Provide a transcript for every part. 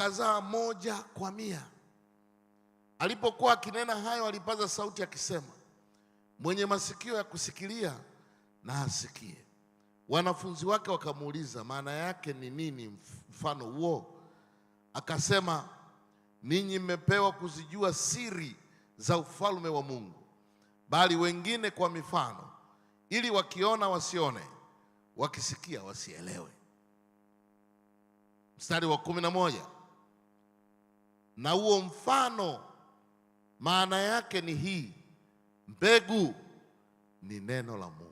kazaa moja kwa mia. Alipokuwa akinena hayo, alipaza sauti akisema, mwenye masikio ya kusikilia na asikie. Wanafunzi wake wakamuuliza, maana yake ni nini mfano huo? Akasema, ninyi mmepewa kuzijua siri za ufalme wa Mungu, bali wengine kwa mifano, ili wakiona wasione, wakisikia wasielewe. Mstari wa kumi na moja na huo mfano maana yake ni hii, mbegu ni neno la Mungu.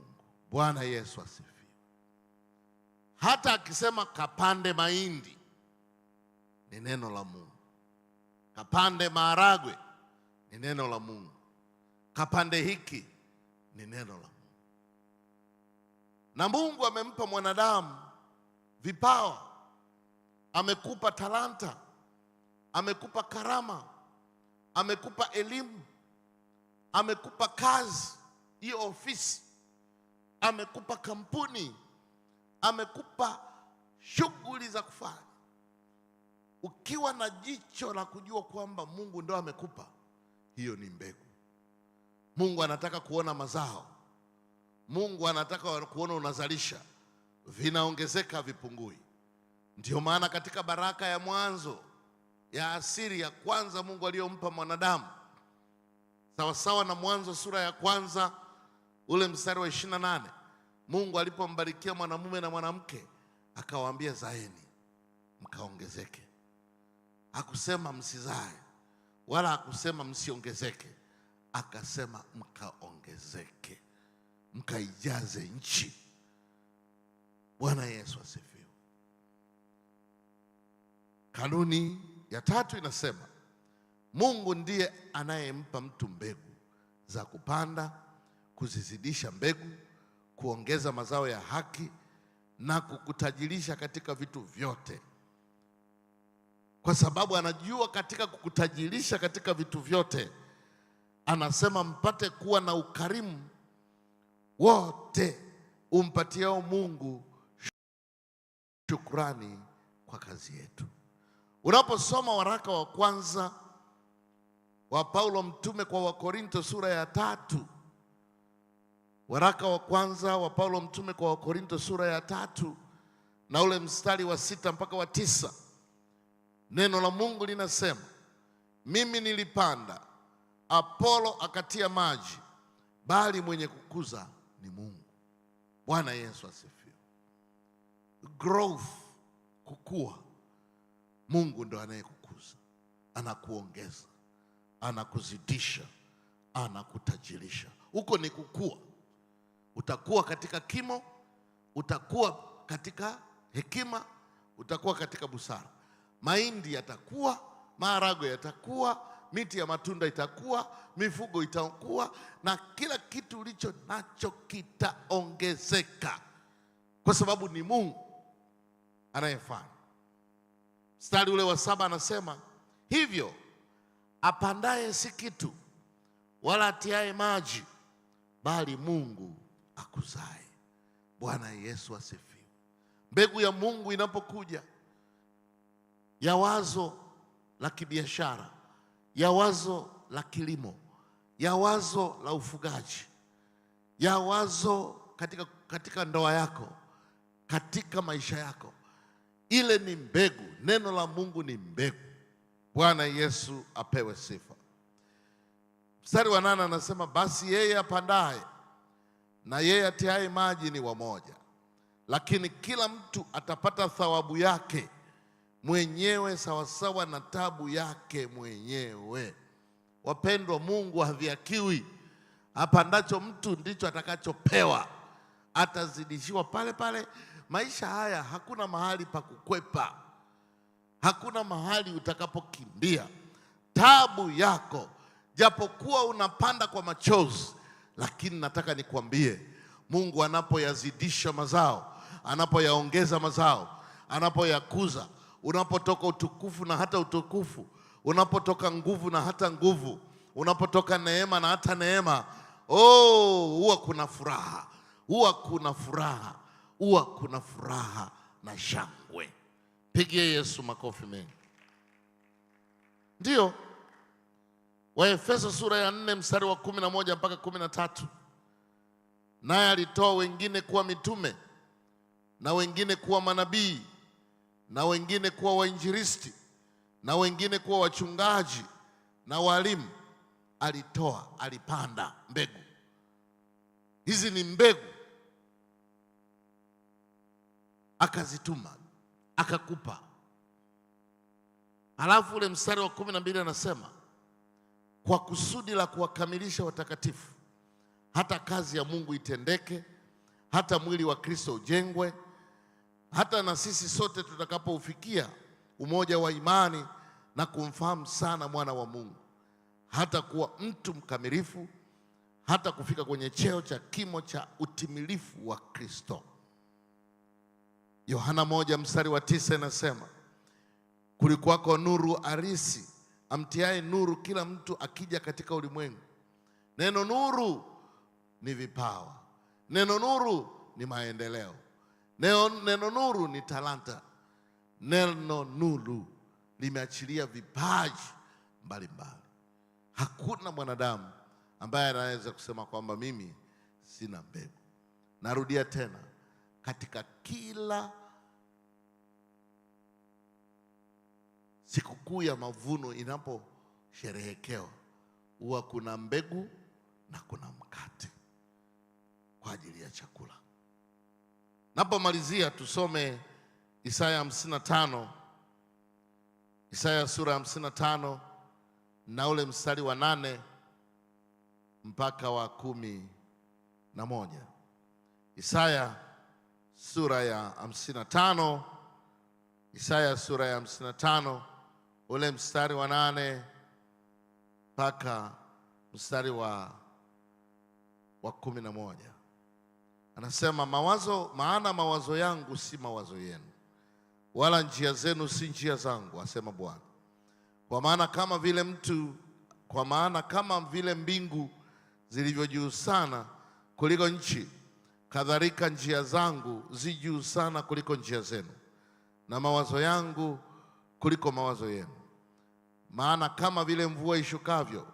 Bwana Yesu asifiwe. Hata akisema kapande mahindi ni neno la Mungu, kapande maharagwe ni neno la Mungu, kapande hiki ni neno la Mungu. Na Mungu amempa mwanadamu vipawa, amekupa talanta amekupa karama, amekupa elimu, amekupa kazi hiyo ofisi, amekupa kampuni, amekupa shughuli za kufanya. Ukiwa na jicho la kujua kwamba Mungu ndo amekupa hiyo, ni mbegu. Mungu anataka kuona mazao. Mungu anataka kuona unazalisha, vinaongezeka, vipungui. Ndiyo maana katika baraka ya mwanzo ya asiri ya kwanza Mungu aliyompa mwanadamu, sawasawa na Mwanzo sura ya kwanza ule mstari wa ishirini na nane Mungu alipombarikia mwanamume na mwanamke akawaambia, zaeni mkaongezeke. Hakusema msizae wala hakusema msiongezeke, akasema mkaongezeke, mkaijaze nchi. Bwana Yesu asifiwe. Kanuni ya tatu inasema Mungu ndiye anayempa mtu mbegu za kupanda, kuzizidisha mbegu, kuongeza mazao ya haki na kukutajirisha katika vitu vyote, kwa sababu anajua katika kukutajirisha katika vitu vyote anasema mpate kuwa na ukarimu wote umpatiao Mungu shukrani kwa kazi yetu. Unaposoma waraka wa kwanza wa Paulo mtume kwa Wakorinto sura ya tatu, waraka wa kwanza wa Paulo mtume kwa Wakorinto sura ya tatu na ule mstari wa sita mpaka wa tisa, neno la Mungu linasema mimi nilipanda, Apolo akatia maji, bali mwenye kukuza ni Mungu. Bwana Yesu asifiwe. Growth, kukua Mungu ndo anayekukuza, anakuongeza, anakuzidisha, anakutajirisha. Huko ni kukua. Utakuwa katika kimo, utakuwa katika hekima, utakuwa katika busara. Mahindi yatakuwa, maharagwe yatakuwa, miti ya matunda itakuwa, mifugo itakuwa, na kila kitu ulicho nacho kitaongezeka, kwa sababu ni Mungu anayefanya mstari ule wa saba anasema hivyo, apandaye si kitu wala atiaye maji, bali Mungu akuzae. Bwana Yesu asifiwe. Mbegu ya Mungu inapokuja ya wazo la kibiashara, ya wazo la kilimo, ya wazo la ufugaji, ya wazo katika, katika ndoa yako, katika maisha yako ile ni mbegu, neno la Mungu ni mbegu. Bwana Yesu apewe sifa. Mstari wa nane anasema basi yeye apandaye na yeye atiaye maji ni wamoja, lakini kila mtu atapata thawabu yake mwenyewe sawasawa na tabu yake mwenyewe. Wapendwa, Mungu haviakiwi. Apandacho mtu ndicho atakachopewa, atazidishiwa pale pale maisha haya hakuna mahali pa kukwepa, hakuna mahali utakapokimbia. Tabu yako japokuwa unapanda kwa machozi, lakini nataka nikuambie, Mungu anapoyazidisha mazao, anapoyaongeza mazao, anapoyakuza, unapotoka utukufu na hata utukufu, unapotoka nguvu na hata nguvu, unapotoka neema na hata neema, oh, huwa kuna furaha, huwa kuna furaha huwa kuna furaha na shangwe. Pigie Yesu makofi mengi. Ndiyo, Waefeso sura ya nne mstari wa kumi na moja mpaka kumi na tatu naye alitoa wengine kuwa mitume na wengine kuwa manabii na wengine kuwa wainjilisti na wengine kuwa wachungaji na walimu. Alitoa, alipanda mbegu. Hizi ni mbegu akazituma akakupa. Halafu ule mstari wa kumi na mbili anasema kwa kusudi la kuwakamilisha watakatifu, hata kazi ya Mungu itendeke, hata mwili wa Kristo ujengwe, hata na sisi sote tutakapoufikia umoja wa imani na kumfahamu sana mwana wa Mungu, hata kuwa mtu mkamilifu, hata kufika kwenye cheo cha kimo cha utimilifu wa Kristo. Yohana moja mstari wa tisa inasema kulikuwako nuru arisi amtiaye nuru kila mtu akija katika ulimwengu. Neno nuru ni vipawa, neno nuru ni maendeleo, neno, neno nuru ni talanta, neno nuru limeachilia vipaji mbalimbali. Hakuna mwanadamu ambaye anaweza kusema kwamba mimi sina mbegu. Narudia tena, katika kila Sikukuu ya mavuno inaposherehekewa huwa kuna mbegu na kuna mkate kwa ajili ya chakula. Napomalizia tusome Isaya 55, Isaya sura ya 55 na ule mstari wa nane mpaka wa kumi na moja. Isaya sura ya 55, Isaya sura ya 55 ule mstari wa nane mpaka mstari wa, wa kumi na moja anasema mawazo, maana mawazo yangu si mawazo yenu, wala njia zenu si njia zangu, asema Bwana. Kwa maana kama vile mtu, kwa maana kama vile mbingu zilivyo juu sana kuliko nchi, kadhalika njia zangu zi juu sana kuliko njia zenu, na mawazo yangu kuliko mawazo yenu. Maana kama vile mvua ishukavyo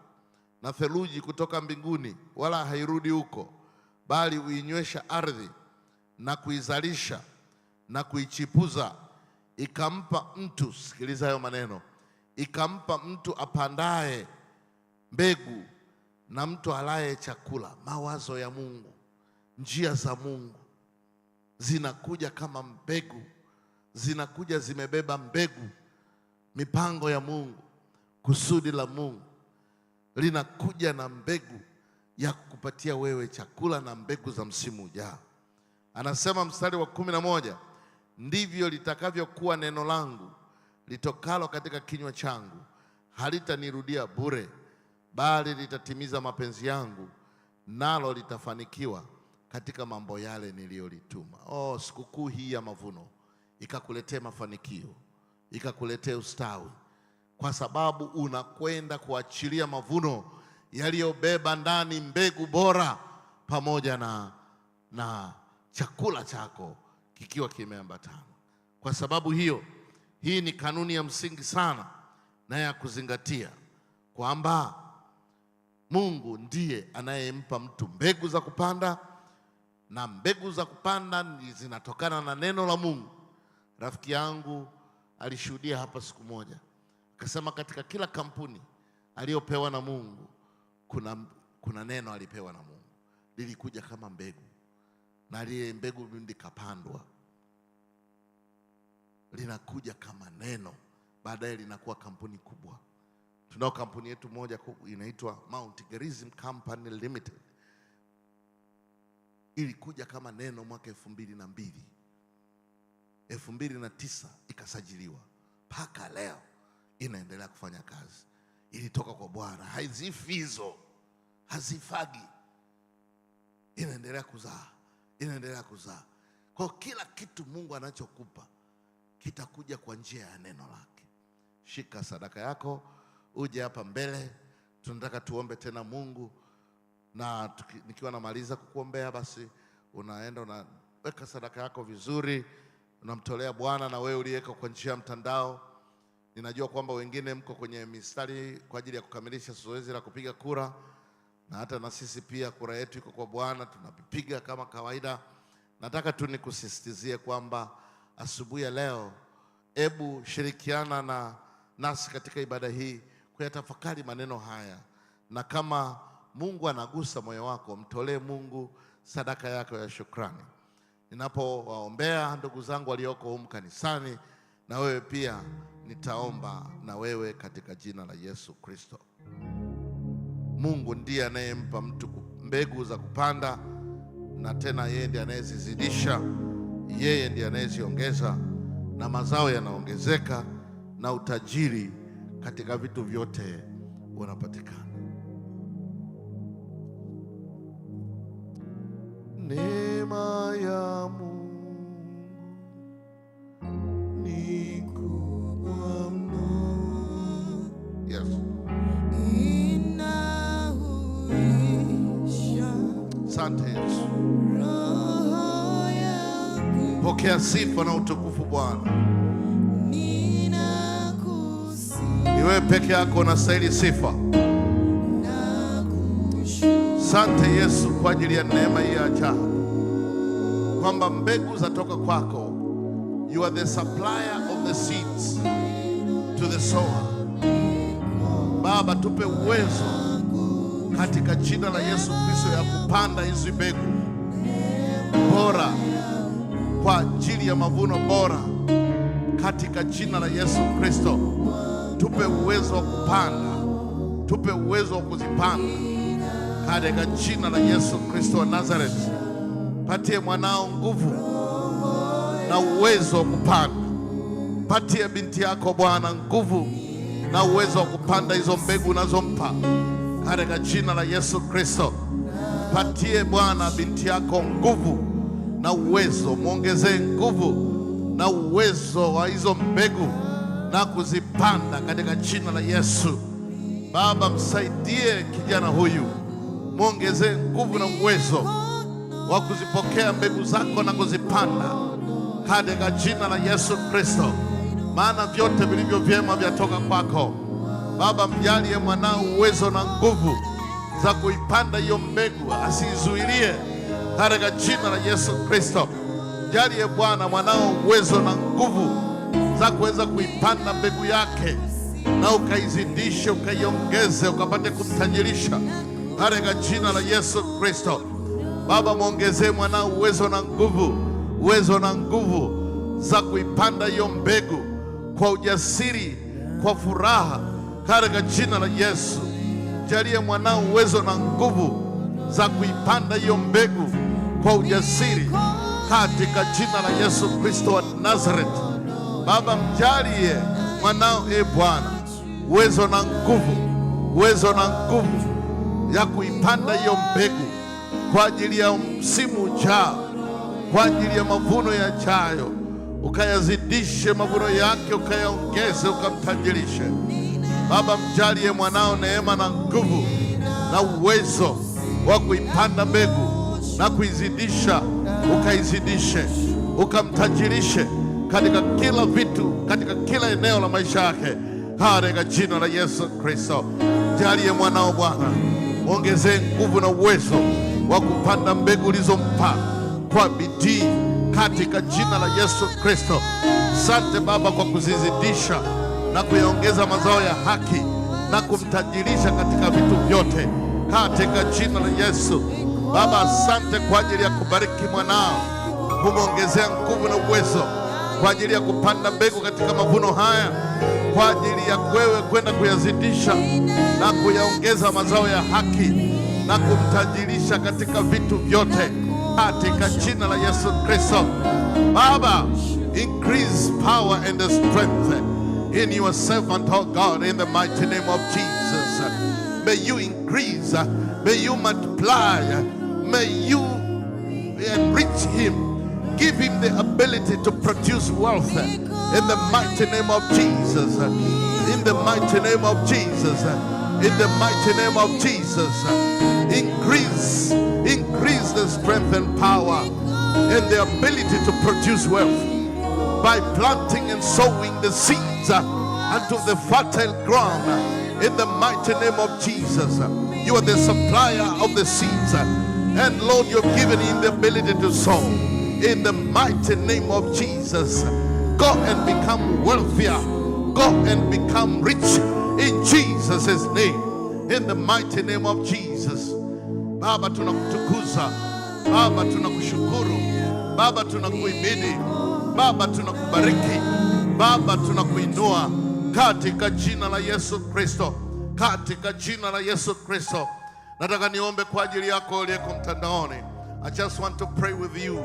na theluji kutoka mbinguni, wala hairudi huko, bali huinywesha ardhi na kuizalisha na kuichipuza, ikampa mtu, sikiliza hayo maneno, ikampa mtu apandaye mbegu na mtu alaye chakula. Mawazo ya Mungu, njia za Mungu zinakuja kama mbegu, zinakuja zimebeba mbegu, mipango ya Mungu Kusudi la Mungu linakuja na mbegu ya kukupatia wewe chakula na mbegu za msimu ujao. Anasema mstari wa kumi na moja, ndivyo litakavyokuwa neno langu litokalo katika kinywa changu, halitanirudia bure, bali litatimiza mapenzi yangu, nalo litafanikiwa katika mambo yale niliyolituma. Oh, sikukuu hii ya mavuno ikakuletea mafanikio, ikakuletea ustawi kwa sababu unakwenda kuachilia mavuno yaliyobeba ndani mbegu bora pamoja na, na chakula chako kikiwa kimeambatana. Kwa sababu hiyo, hii ni kanuni ya msingi sana na ya kuzingatia kwamba Mungu ndiye anayempa mtu mbegu za kupanda na mbegu za kupanda zinatokana na neno la Mungu. Rafiki yangu alishuhudia hapa siku moja. Akasema katika kila kampuni aliyopewa na Mungu kuna, kuna neno alipewa na Mungu lilikuja kama mbegu, na lile mbegu likapandwa linakuja kama neno, baadaye linakuwa kampuni kubwa. Tunao kampuni yetu moja inaitwa Mount Gerizim Company Limited, ilikuja kama neno mwaka elfu mbili na mbili elfu mbili na tisa ikasajiliwa mpaka leo inaendelea kufanya kazi, ilitoka kwa Bwana, haizifi hizo, hazifagi, inaendelea kuzaa, inaendelea kuzaa. Kwa kila kitu Mungu anachokupa kitakuja kwa njia ya neno lake. Shika sadaka yako, uje hapa mbele, tunataka tuombe tena Mungu, na nikiwa namaliza kukuombea, basi unaenda unaweka sadaka yako vizuri, unamtolea Bwana. Na wewe uliyeweka kwa njia ya mtandao Ninajua kwamba wengine mko kwenye mistari kwa ajili ya kukamilisha zoezi la kupiga kura, na hata na sisi pia kura yetu iko kwa Bwana, tunapiga kama kawaida. Nataka tu nikusisitizie kwamba asubuhi ya leo, ebu shirikiana na nasi katika ibada hii kuyatafakari maneno haya, na kama Mungu anagusa moyo wako, mtolee Mungu sadaka yako ya shukrani. Ninapowaombea ndugu zangu walioko humu kanisani, na wewe pia nitaomba na wewe katika jina la Yesu Kristo. Mungu ndiye anayempa mtu mbegu za kupanda, na tena yeye ndiye anayezizidisha, yeye ndiye anayeziongeza, na mazao yanaongezeka, na utajiri katika vitu vyote unapatikana. Neema ya Mungu Pokea sifa na utukufu Bwana. Ni wewe peke yako unastahili sifa. Sante Yesu kwa ajili ya neema hii ya ajabu kwamba mbegu zatoka kwako. You are the supplier of the seeds to the sower. Baba, tupe uwezo katika jina la Yesu Kristo ya kupanda hizi mbegu bora kwa ajili ya mavuno bora katika jina la Yesu Kristo. Tupe uwezo wa kupanda, tupe uwezo wa kuzipanda katika jina la Yesu Kristo wa Nazareti. Patie mwanao nguvu na uwezo wa kupanda. Patie binti yako Bwana nguvu na uwezo wa kupanda hizo mbegu unazompa katika jina la Yesu Kristo. Patie Bwana binti yako nguvu na uwezo, mwongezee nguvu na uwezo wa hizo mbegu na kuzipanda katika jina la Yesu. Baba, msaidie kijana huyu, mwongezee nguvu na uwezo wa kuzipokea mbegu zako na kuzipanda katika jina la Yesu Kristo, maana vyote vilivyo vyema vyatoka kwako. Baba, mjalie mwanao uwezo na nguvu za kuipanda hiyo mbegu, asiizuilie katika jina la Yesu Kristo. Jalie Bwana mwanao uwezo na nguvu za kuweza kuipanda mbegu yake na ukaizidishe, ukaiongeze, ukapate kumtajirisha katika jina la Yesu Kristo. Baba, mwongezee mwanao uwezo na nguvu, uwezo na nguvu za kuipanda hiyo mbegu kwa ujasiri, kwa furaha katika jina la Yesu. Jalie mwanao uwezo na nguvu za kuipanda hiyo mbegu kwa ujasiri katika jina la Yesu Kristo wa Nazareti. Baba, mjalie mwanao, e Bwana, uwezo na nguvu, uwezo na nguvu ya kuipanda hiyo mbegu kwa ajili ya msimu ujao, kwa ajili ya mavuno yajayo, ukayazidishe mavuno yake, ukayaongeze, ukamtajirishe. Baba, mjalie mwanao neema na nguvu na uwezo wa kuipanda mbegu na kuizidisha, ukaizidishe, ukamtajirishe katika kila vitu, katika kila eneo la maisha yake, katika jina la Yesu Kristo. Jalie mwanao Bwana, ongezee nguvu na uwezo wa kupanda mbegu ulizompa kwa bidii, katika jina la Yesu Kristo. Sante Baba kwa kuzizidisha na kuyaongeza mazao ya haki na kumtajirisha katika vitu vyote, katika jina la Yesu. Baba, asante kwa ajili ya kubariki mwanao, kumwongezea nguvu na uwezo kwa ajili ya kupanda mbegu katika mavuno haya, kwa ajili ya wewe kwenda kuyazidisha na kuyaongeza mazao ya haki na kumtajirisha katika vitu vyote katika jina la Yesu Kristo. Baba, increase power and strength in your servant, oh God, in the mighty name of Jesus. May you increase, may you multiply May you enrich him. Give him the ability to produce wealth in the mighty name of Jesus. In the mighty name of Jesus. In the mighty name of Jesus. Increase, increase the strength and power and the ability to produce wealth by planting and sowing the seeds unto the fertile ground in the mighty name of Jesus. You are the supplier of the seeds and Lord, you've given him the ability to sow. In the mighty name of Jesus, go and become wealthier. Go and become rich in Jesus' name. In the mighty name of Jesus. Baba tunakutukuza. Baba tunakushukuru. Baba tunakuimidi. Baba tunakubariki. Baba tunakuinua katika jina la Yesu Kristo. Katika jina la Yesu Kristo. Nataka niombe kwa ajili yako uliyeko mtandaoni. I just want to pray with you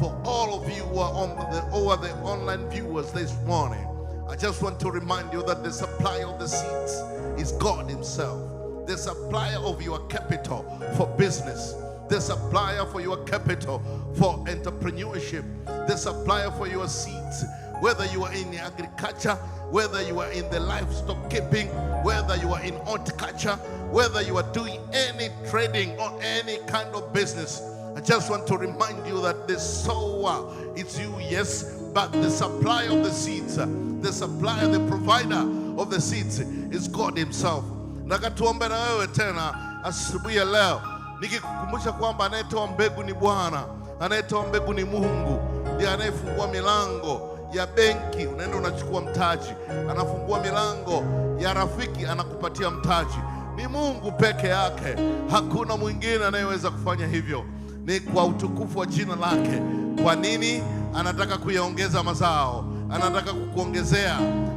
for all of you who are on the, who are the online viewers this morning. I just want to remind you that the supply of the seeds is God Himself, the supplier of your capital for business, the supplier for your capital for entrepreneurship, the supplier for your seeds, whether you are in agriculture, whether you are in the livestock keeping, whether you are in horticulture whether you are doing any trading or any kind of business, I just want to remind you that the sower, it's you, yes, but the supply of the seeds, uh, the supplier, the provider of the seeds is God Himself. Nakatuombe na wewe tena asubuhi ya leo, nikikukumbusha kwamba anayetoa mbegu ni Bwana, anayetoa mbegu ni Mungu, ndiye anayefungua milango ya benki, unaenda unachukua mtaji, anafungua milango ya rafiki, anakupatia mtaji ni Mungu peke yake, hakuna mwingine anayeweza kufanya hivyo. Ni kwa utukufu wa jina lake. Kwa nini? Anataka kuyaongeza mazao, anataka kukuongezea,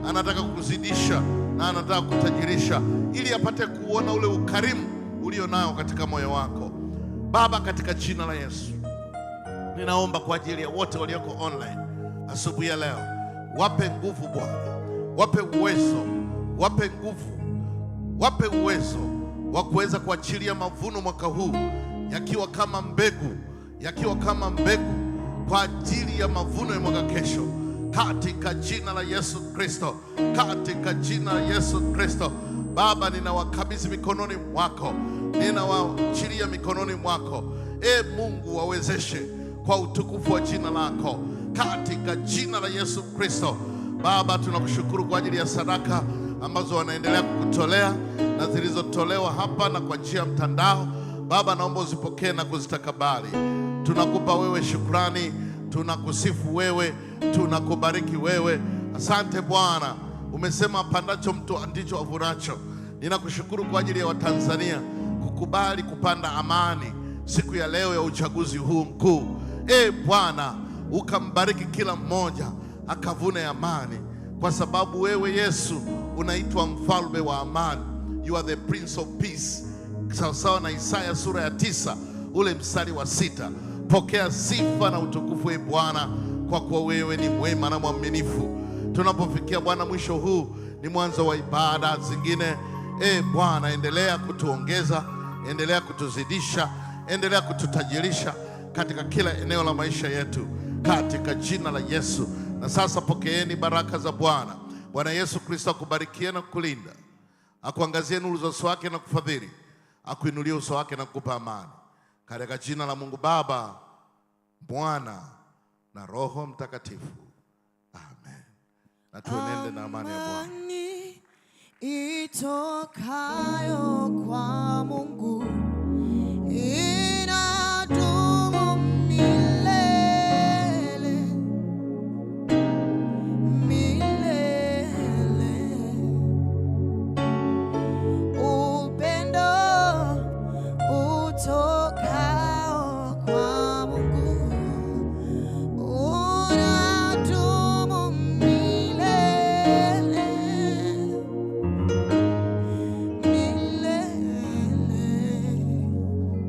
anataka kukuzidisha na anataka kutajirisha, ili apate kuona ule ukarimu ulio nao katika moyo wako. Baba, katika jina la Yesu ninaomba kwa ajili ya wote walioko online asubuhi ya leo, wape nguvu Bwana, wape uwezo, wape nguvu wape uwezo wa kuweza kuachilia mavuno mwaka huu yakiwa kama mbegu, yakiwa kama mbegu kwa ajili ya mavuno ya mwaka kesho, katika jina la Yesu Kristo, katika jina la Yesu Kristo. Baba, ninawakabidhi mikononi mwako, ninawaachilia mikononi mwako. E Mungu, wawezeshe kwa utukufu wa jina lako, katika jina la Yesu Kristo. Baba, tunakushukuru kwa ajili ya sadaka ambazo wanaendelea kukutolea na zilizotolewa hapa na kwa njia ya mtandao. Baba, naomba uzipokee na kuzitakabali. Tunakupa wewe shukrani, tunakusifu wewe, tunakubariki wewe. Asante Bwana, umesema pandacho mtu ndicho avunacho. Ninakushukuru kwa ajili ya Watanzania kukubali kupanda amani siku ya leo ya uchaguzi huu mkuu. E Bwana, ukambariki kila mmoja akavune amani, kwa sababu wewe Yesu unaitwa mfalme wa amani you are the prince of peace, sawasawa na Isaya sura ya tisa ule mstari wa sita. Pokea sifa na utukufu, e Bwana, kwa kuwa wewe ni mwema na mwaminifu. Tunapofikia Bwana mwisho huu ni mwanzo wa ibada zingine. E Bwana, endelea kutuongeza, endelea kutuzidisha, endelea kututajirisha katika kila eneo la maisha yetu katika jina la Yesu. Na sasa pokeeni baraka za Bwana. Bwana Yesu Kristo akubarikie na kulinda akuangazie nuru za uso wake na kufadhili, akuinulie uso wake na kukupa amani, katika jina la Mungu Baba, Mwana na Roho Mtakatifu, amen. Na tuenende na amani ya Bwana itokayo kwa Mungu.